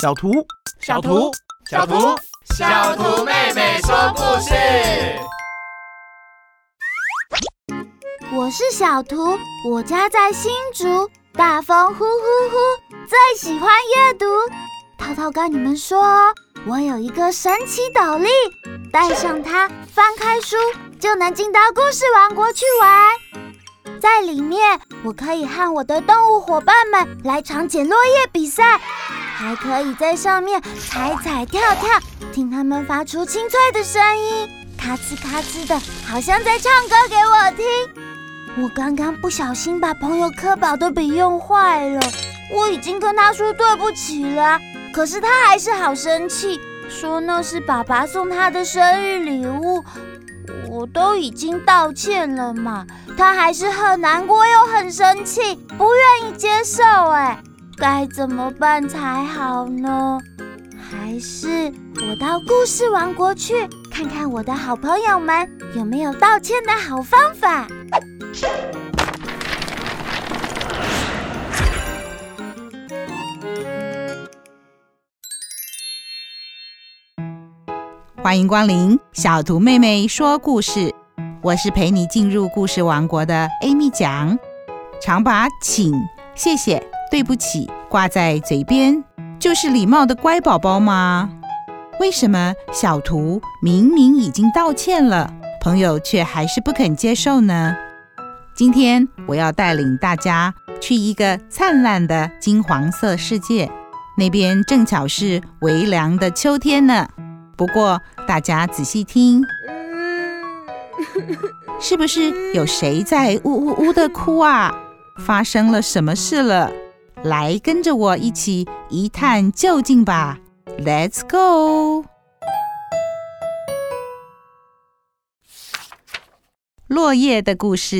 小圖，小圖，小圖，小圖，小圖妹妹說故事。我是小圖，我家在新竹，大風呼呼呼，最喜歡閱讀。濤濤跟你們說哦，我有一個神奇斗笠，戴上它，翻開書，就能進到故事王國去玩。在裡面，我可以和我的動物夥伴們來場撿落葉比賽，還可以在上面踩踩跳跳，聽它們發出清脆的聲音，咔吱咔吱的，好像在唱歌給我聽。我剛剛不小心把朋友柯寶的筆用壞了，我已經跟他說對不起了，可是他還是好生氣，說那是爸爸送他的生日禮物。我都已經道歉了嘛，他還是很難過又很生氣，不願意接受哎，該怎麼辦才好呢？還是我到故事王國去看看我的好朋友們有沒有道歉的好方法？歡迎光臨小圖妹妹說故事，我是陪你進入故事王國的 Amy 講。常把請、謝謝、對不起掛在嘴邊，就是禮貌的乖寶寶嗎？為什麼小圖明明已經道歉了，朋友卻還是不肯接受呢？今天我要帶領大家去一個燦爛的金黃色世界，那邊正巧是微涼的秋天呢。不過。大家仔細聽， 是不是有誰在嗚嗚嗚的哭啊？發生了什麼事了？來，跟着我一起一探究竟吧！Let's go。《落葉的故事》，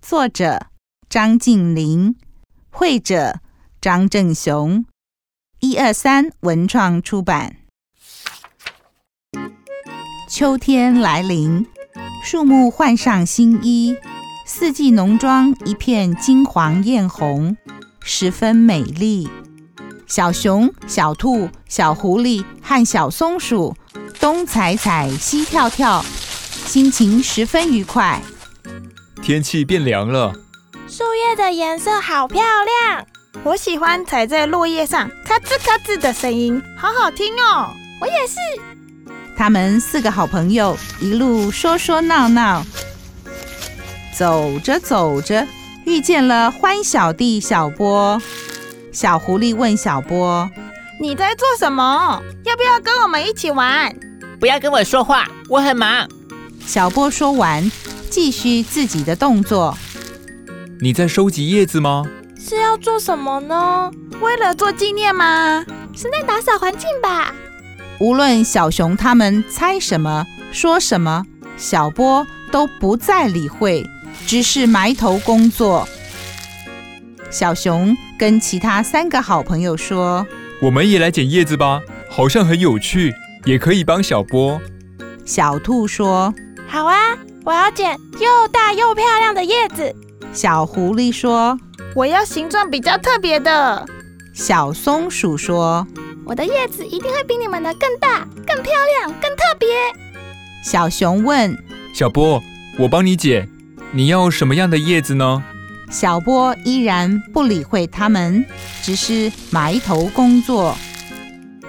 作者張晉霖，繪者張正雄，一二三文創出版。秋天來臨，樹木換上新衣，四季農莊一片金黃艷紅，十分美麗。小熊、小兔、小狐狸和小松鼠東踩踩西跳跳，心情十分愉快。天氣變涼了，樹葉的顏色好漂亮，我喜歡踩在落葉上，咔吱咔吱的聲音，好好聽哦。我也是。他們四個好朋友一路說說鬧鬧，走着走着遇見了獾小弟小波。小狐狸問小波：“你在做什麼？要不要跟我們一起玩？”“不要跟我說話，我很忙。”小波說完，繼續自己的動作。“你在收集葉子嗎？”“是要做什麼呢？”“為了做紀念嗎？”“是在打掃環境吧？”無論小熊他們猜什麼、說什麼，小波都不再理會，只是埋頭工作。小熊跟其他三個好朋友說：“我們也來撿葉子吧，好像很有趣，也可以幫小波。”小兔說：“好啊，我要撿又大又漂亮的葉子。”小狐狸說：“我要形狀比較特別的。”小松鼠說，我的葉子一定會比你們的更大、更漂亮、更特別。小熊問小波：“我幫你撿，你要什麼樣的葉子呢？”小波依然不理會他們，只是埋頭工作。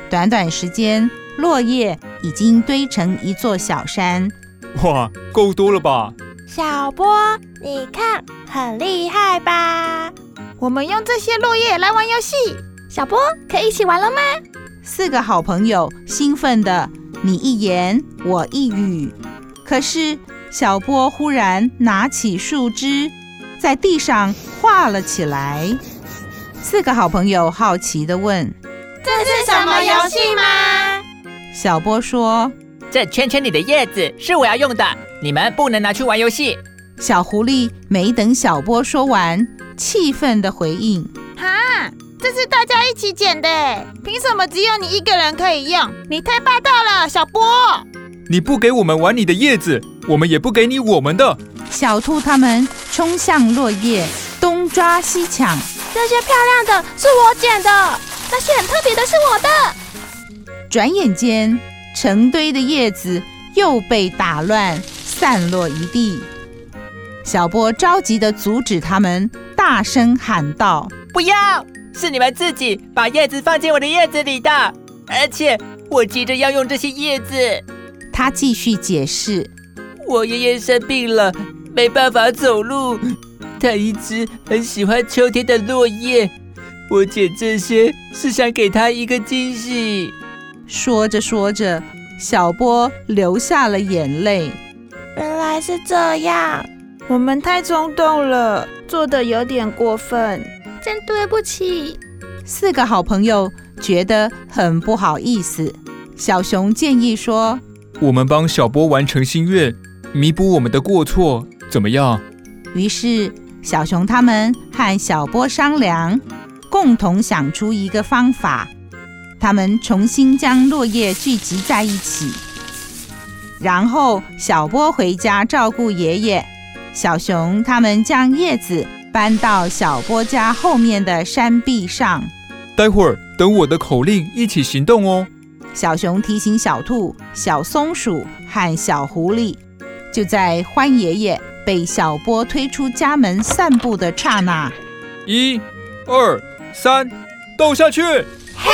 短短時間，落葉已經堆成一座小山。哇，夠多了吧？小波，你看，很厲害吧？我們用這些落葉來玩遊戲。小波，可以一起玩了嗎？四個好朋友興奮地你一言我一語。可是小波忽然拿起樹枝，在地上畫了起來。四個好朋友好奇地問：“這是什麼遊戲嗎？”小波說：“這圈圈裡的葉子是我要用的，你們不能拿去玩遊戲。”小狐狸沒等小波說完，氣憤地回應：“哈、啊！”這是大家一起撿的，憑什麼只有你一個人可以用？你太霸道了，小波！你不給我們玩你的葉子，我們也不給你我們的。小兔他們衝向落葉，東抓西搶。這些漂亮的是我撿的，那些很特別的是我的。轉眼間，成堆的葉子又被打亂，散落一地。小波着急的阻止他們，大聲喊道：“不要！”是你們自己把葉子放進我的葉子裡的，而且我急着要用這些葉子。他繼續解釋，我爺爺生病了，沒辦法走路，他一直很喜歡秋天的落葉，我撿這些是想給他一個驚喜。說着說着，小波流下了眼淚。原來是這樣，我們太衝動了，做得有點過分。真對不起，四個好朋友覺得很不好意思。小熊建議說：“我們幫小波完成心願，彌補我們的過錯，怎麼樣？”於是，小熊他們和小波商量，共同想出一個方法。他們重新將落葉聚集在一起，然後小波回家照顧爺爺。小熊他們將葉子。搬到小波家後面的山壁上。待會兒等我的口令，一起行動哦。小熊提醒小兔、小松鼠和小狐狸。就在獾爺爺被小波推出家門散步的剎那，一、二、三，倒下去！嘿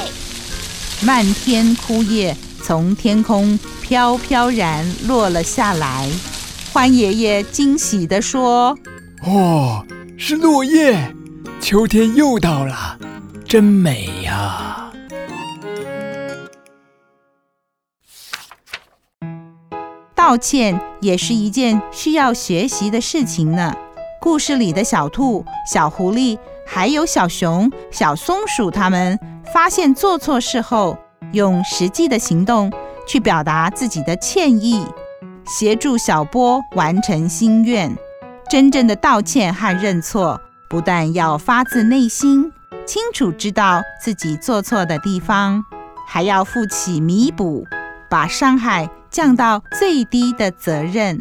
！Hey! 漫天枯葉從天空飄飄然落了下來。獾爺爺驚喜地說。哦，是落葉，秋天又到了，真美呀！道歉也是一件需要學習的事情呢。故事裡的小兔、小狐狸，還有小熊、小松鼠，他們發現做錯事後，用實際的行動去表達自己的歉意，協助小波完成心願。真正的道歉和認錯，不但要發自內心，清楚知道自己做錯的地方，還要負起彌補，把傷害降到最低的責任。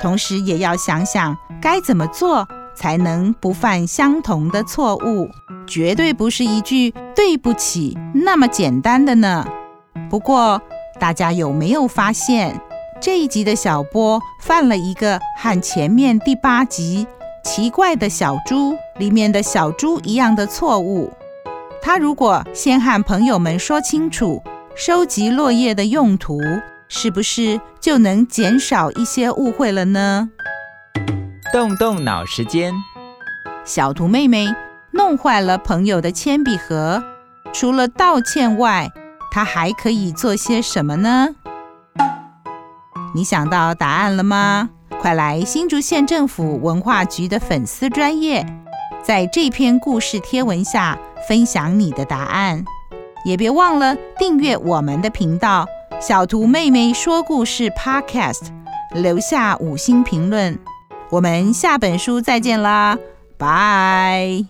同時，也要想想該怎麼做才能不犯相同的錯誤。絕對不是一句“對不起”那麼簡單的呢。不過，大家有沒有發現？這一集的小波犯了一個和前面第八集《奇怪的小豬》裡面的小豬一樣的錯誤。他如果先和朋友們說清楚收集落葉的用途，是不是就能減少一些誤會了呢？動動腦時間。小圖妹妹弄壞了朋友的鉛筆盒，除了道歉外，她還可以做些什麼呢？你想到答案了嗎？快來新竹縣政府文化局的粉絲專頁，在這篇故事貼文下分享你的答案，也別忘了訂閱我們的頻道“小圖妹妹說故事 Podcast”，留下五星評論。我們下本書再見啦，拜。